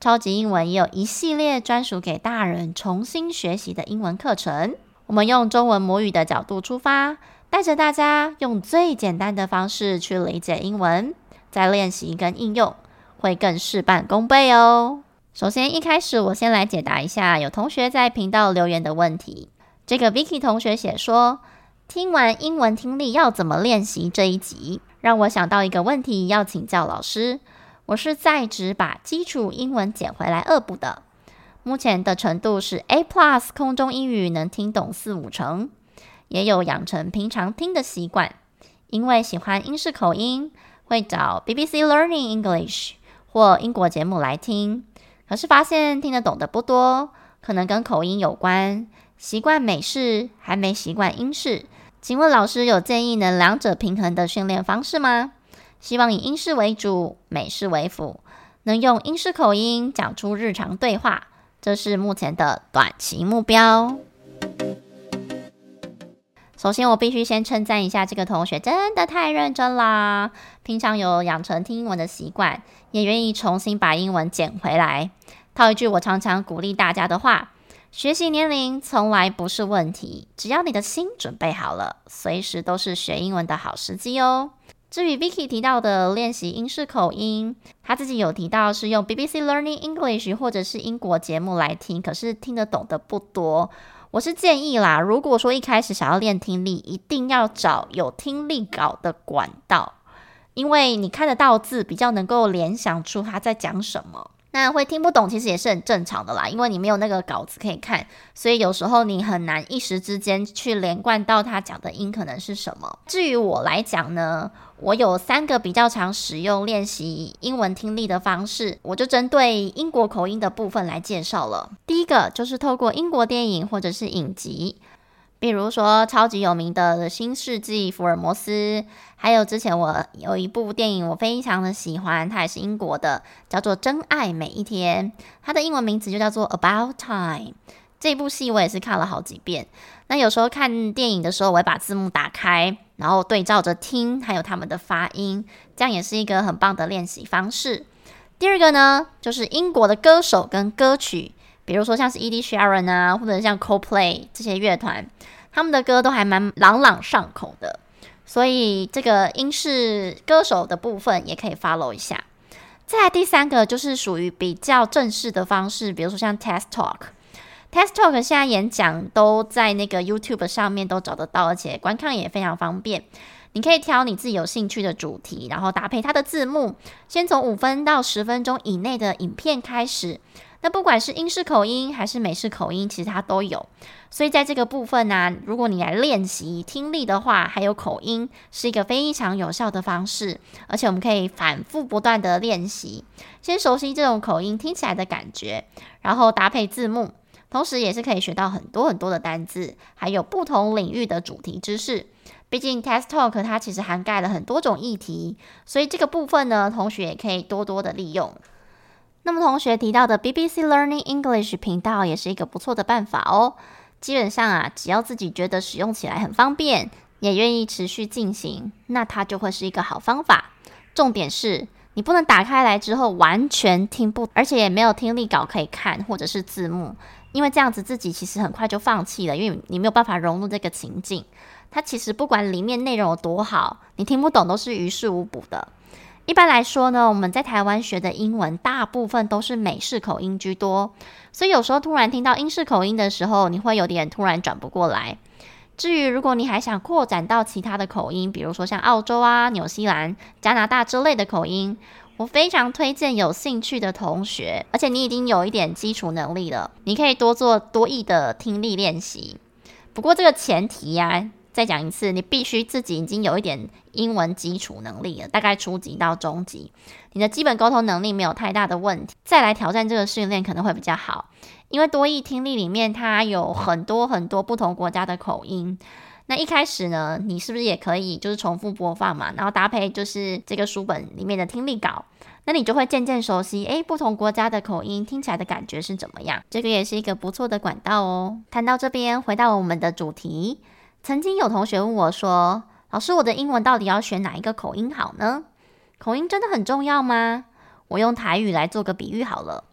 超級英文也有一系列專屬給大人重新學習的英文課程，我們用中文母語的角度出發，帶着大家用最簡單的方式去理解英文，在練習跟應用會更事半功倍哦。首先一開始，我先來解答一下有同學在頻道留言的問題。這個 Vicky 同學寫說，聽完英文聽力要怎麼練習這一集，讓我想到一個問題，要請教老師。我是在職，把基礎英文撿回來惡補的。目前的程度是 A plus，空中英語能聽懂四五成，也有養成平常聽的習慣。因為喜歡英式口音，會找 BBC Learning English 或英國節目來聽，可是發現聽得懂的不多，可能跟口音有關。習慣美式，還沒習慣英式。請問老師有建議能兩者平衡的訓練方式嗎？希望以英式為主，美式為輔，能用英式口音講出日常對話，這是目前的短期目標。首先，我必須先稱讚一下這個同學，真的太認真啦！平常有養成聽英文的習慣，也願意重新把英文撿回來。套一句我常常鼓勵大家的話：學習年齡從來不是問題，只要你的心準備好了，隨時都是學英文的好時機哦。至於 Vicky 提到的練習英式口音，他自己有提到是用 BBC Learning English 或者是英國節目來聽，可是聽得懂的不多。我是建議啦，如果說一開始想要練聽力，一定要找有聽力稿的管道，因為你看得到字，比較能夠聯想出他在講什麼。但會聽不懂，其實也是很正常的啦，因為你沒有那個稿子可以看，所以有時候你很難一時之間去連貫到他講的音可能是什麼。至於我來講呢，我有三個比較常使用練習英文聽力的方式，我就針對英國口音的部分來介紹了。第一個就是透過英國電影或者是影集。比如說，超級有名的《新世紀福爾摩斯》，還有之前我有一部電影，我非常的喜歡，它也是英國的，叫做《真愛每一天》，它的英文名字就叫做《About Time》。這部戲我也是看了好幾遍。那有時候看電影的時候，我會把字幕打開，然後對照着聽，還有他們的發音，這樣也是一個很棒的練習方式。第二個呢，就是英國的歌手跟歌曲。比如說像是 Ed Sheeran 啊，或者像 Coldplay 這些樂團，他們的歌都還蠻朗朗上口的，所以這個英式歌手的部分也可以 follow 一下。再來第三個就是屬於比較正式的方式，比如說像 TED Talk，TED Talk 現在演講都在那個 YouTube 上面都找得到，而且觀看也非常方便。你可以挑你自己有興趣的主題，然後搭配它的字幕，先從五分到十分鐘以內的影片開始。那不管是英式口音還是美式口音，其實它都有。所以在這個部分呢、啊，如果你來練習聽力的話，還有口音，是一個非常有效的方式。而且我們可以反覆不斷的練習，先熟悉這種口音聽起來的感覺，然後搭配字幕，同時也是可以學到很多很多的單字，還有不同領域的主題知識。畢竟 Test Talk 它其實涵蓋了很多種議題，所以這個部分呢，同學也可以多多的利用。那麼，同學提到的 BBC Learning English 頻道也是一個不錯的辦法哦。基本上啊，只要自己覺得使用起來很方便，也願意持續進行，那它就會是一個好方法。重點是，你不能打開來之後完全聽不，而且也沒有聽力稿可以看或者是字幕，因為這樣子自己其實很快就放棄了，因為你沒有辦法融入這個情境。它其實不管裡面內容有多好，你聽不懂都是於事無補的。一般來說呢，我們在台灣學的英文大部分都是美式口音居多，所以有時候突然聽到英式口音的時候，你會有點突然轉不過來。至於如果你還想擴展到其他的口音，比如說像澳洲啊、紐西蘭、加拿大之類的口音，我非常推薦有興趣的同學，而且你已經有一點基礎能力了，你可以多做多益的聽力練習。不過這個前提呀、啊。再講一次，你必須自己已經有一點英文基礎能力了，大概初級到中級，你的基本溝通能力沒有太大的問題，再來挑戰這個訓練可能會比較好。因為多益聽力裡面它有很多很多不同國家的口音，那一開始呢，你是不是也可以就是重複播放嘛，然後搭配就是這個書本裡面的聽力稿，那你就會漸漸熟悉，哎，不同國家的口音聽起來的感覺是怎麼樣？這個也是一個不錯的管道哦。談到這邊，回到我們的主題。曾經有同學問我說：“老師，我的英文到底要選哪一個口音好呢？口音真的很重要嗎？”我用台語來做個比喻好了。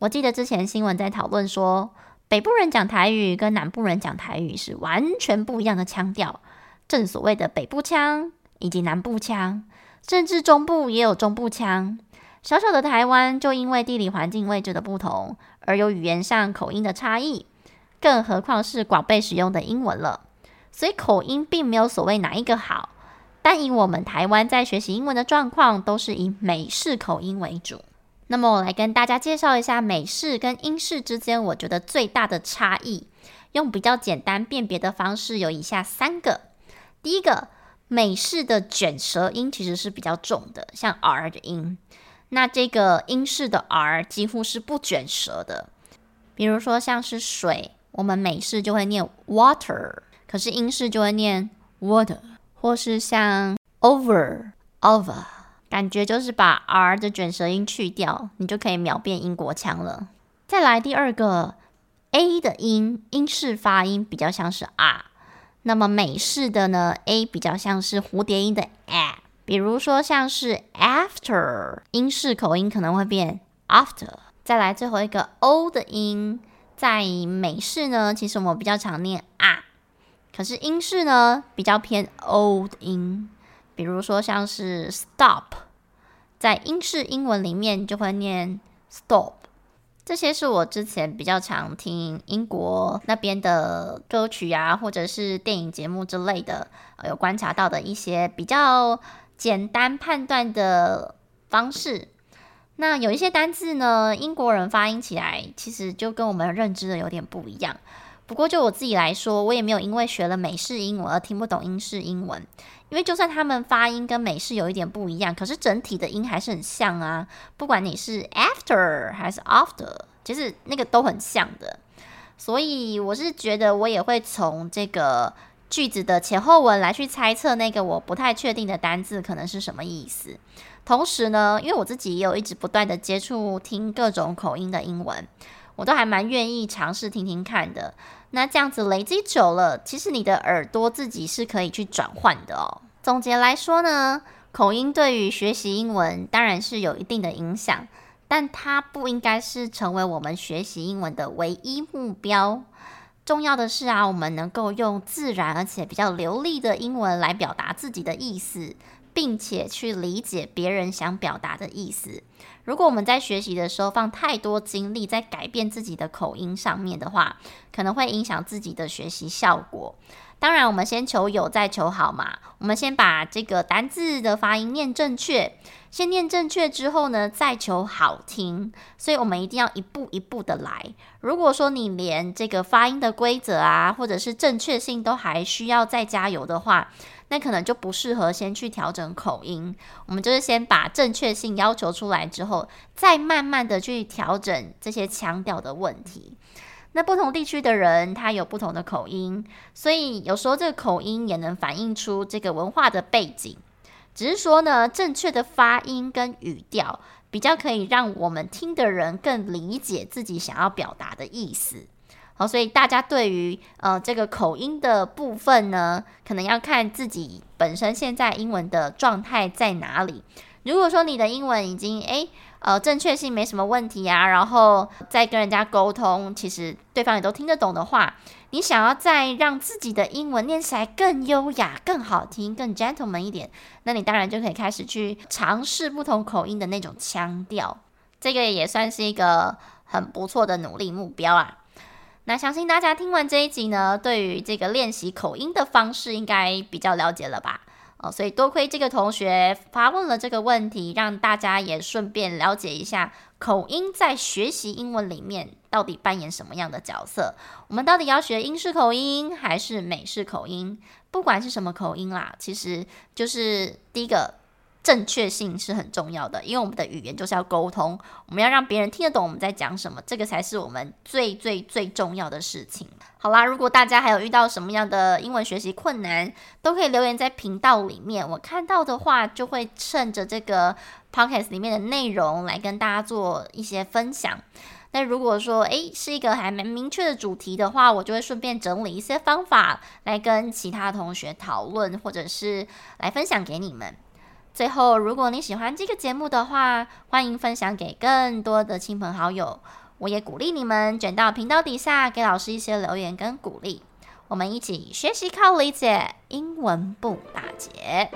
我記得之前新聞在討論說，北部人講台語跟南部人講台語是完全不一樣的腔調，正所謂的北部腔以及南部腔，甚至中部也有中部腔。小小的台灣就因為地理環境位置的不同，而有語言上口音的差異，更何況是廣被使用的英文了。所以口音並沒有所謂哪一個好，但以我們台灣在學習英文的狀況，都是以美式口音為主。那麼我來跟大家介紹一下美式跟英式之間，我覺得最大的差異，用比較簡單辨別的方式，有以下三個。第一個，美式的捲舌音其實是比較重的，像 R 的音，那這個英式的 R 幾乎是不捲舌的。比如說像是水，我們美式就會念 water。可是英式就會念 water，或是像 over，over，over, 感覺就是把 r 的卷舌音去掉，你就可以秒變英國腔了。再來第二個 a 的音，英式發音比較像是 R、啊。那麼美式的呢 a 比較像是蝴蝶音的 a，、啊、比如說像是 after，英式口音可能會變 after。再來最後一個 o 的音，在美式呢，其實我們比較常念啊。可是英式呢比較偏 old 音，比如說像是 stop，在英式英文裡面就會念 stop。這些是我之前比較常聽英國那邊的歌曲啊，或者是電影節目之類的，呃，有觀察到的一些比較簡單判斷的方式。那有一些單字呢，英國人發音起來其實就跟我們認知的有點不一樣。不過就我自己來說，我也沒有因為學了美式英文而聽不懂英式英文，因為就算他們發音跟美式有一點不一樣，可是整體的音還是很像啊。不管你是 after 還是 after，其實那個都很像的。所以我是覺得我也會從這個句子的前後文來去猜測那個我不太確定的單字可能是什麼意思。同時呢，因為我自己也有一直不斷地接觸聽各種口音的英文。我都還蠻願意嘗試聽聽看的。那這樣子累積久了，其實你的耳朵自己是可以去轉換的哦。總結來說呢，口音對於學習英文當然是有一定的影響，但它不應該是成為我們學習英文的唯一目標。重要的是啊，我們能夠用自然而且比較流利的英文來表達自己的意思。並且去理解別人想表達的意思。如果我們在學習的時候放太多精力在改變自己的口音上面的話，可能會影響自己的學習效果。當然，我們先求有，再求好嘛。我們先把這個單字的發音念正確，先念正確之後呢，再求好聽。所以，我們一定要一步一步的來。如果說你連這個發音的規則啊，或者是正確性都還需要再加油的話，那可能就不適合先去調整口音。我們就是先把正確性要求出來之後，再慢慢的去調整這些腔調的問題。那不同地區的人，他有不同的口音，所以有時候這個口音也能反映出這個文化的背景。只是說呢，正確的發音跟語調比較可以讓我們聽的人更理解自己想要表達的意思。好，所以大家對於呃這個口音的部分呢，可能要看自己本身現在英文的狀態在哪裡。如果說你的英文已經哎、呃正確性沒什麼問題啊，然後再跟人家溝通，其實對方也都聽得懂的話，你想要再讓自己的英文念起來更優雅、更好聽、更 gentleman 一點，那你當然就可以開始去嘗試不同口音的那種腔調，這個也算是一個很不錯的努力目標啊。那相信大家聽完這一集呢，對於這個練習口音的方式應該比較了解了吧。哦，所以多虧這個同學發問了這個問題，讓大家也順便了解一下口音在學習英文裡面到底扮演什麼樣的角色。我們到底要學英式口音還是美式口音？不管是什麼口音啦，其實就是第一個。正確性是很重要的，因為我們的語言就是要溝通，我們要讓別人聽得懂我們在講什麼，這個才是我們最最最重要的事情。好啦，如果大家還有遇到什麼樣的英文學習困難，都可以留言在頻道裡面，我看到的話就會趁着這個 podcast 裡面的內容來跟大家做一些分享。那如果說哎是一個還蠻明確的主題的話，我就會順便整理一些方法來跟其他同學討論，或者是來分享給你們。最後，如果你喜歡這個節目的話，歡迎分享給更多的親朋好友。我也鼓勵你們捲到頻道底下給老師一些留言跟鼓勵。我們一起學習靠理解，英文不打結。